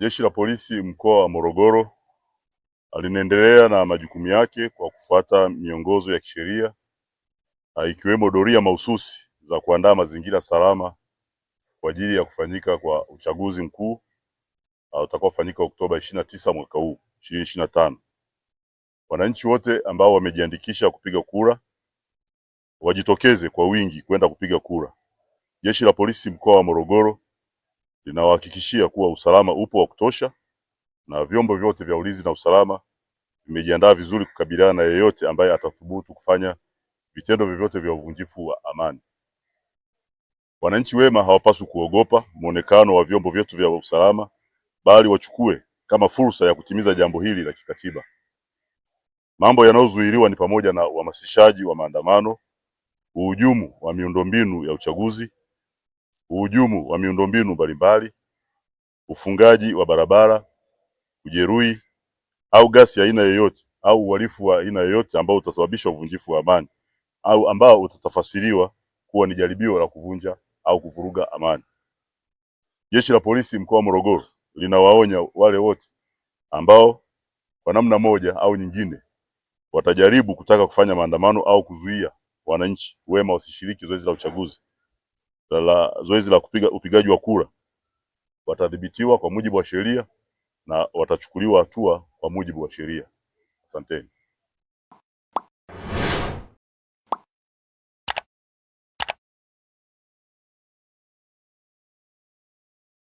Jeshi la Polisi mkoa wa Morogoro ah, linaendelea na majukumu yake kwa kufuata miongozo ya kisheria ah, ikiwemo doria mahususi za kuandaa mazingira salama kwa ajili ya kufanyika kwa uchaguzi mkuu ah, utakaofanyika Oktoba 29 tisa mwaka huu 2025. Wananchi wote ambao wamejiandikisha kupiga kura wajitokeze kwa wingi kwenda kupiga kura. Jeshi la Polisi mkoa wa Morogoro linawahakikishia kuwa usalama upo wa kutosha na vyombo vyote vya ulinzi na usalama vimejiandaa vizuri kukabiliana na yeyote ambaye atathubutu kufanya vitendo vyovyote vya uvunjifu wa amani. Wananchi wema hawapaswi kuogopa mwonekano wa vyombo vyetu vya usalama, bali wachukue kama fursa ya kutimiza jambo hili la kikatiba. Mambo yanayozuiliwa ni pamoja na uhamasishaji wa maandamano, uhujumu wa miundombinu ya uchaguzi uhujumu wa miundombinu mbalimbali, ufungaji wa barabara, ujeruhi au ya aina yoyote au uhalifu wa aina yoyote ambao utasababisha uvunjifu wa amani au ambao utatafasiriwa kuwa ni jaribio la kuvunja au kuvuruga amani. Jeshi la Polisi mkoa wa Morogoro linawaonya wale wote ambao kwa namna moja au nyingine watajaribu kutaka kufanya maandamano au kuzuia wananchi wema wasishiriki zoezi la uchaguzi la, la zoezi la kupiga upigaji wa kura watadhibitiwa kwa mujibu wa sheria na watachukuliwa hatua kwa mujibu wa sheria. Asanteni.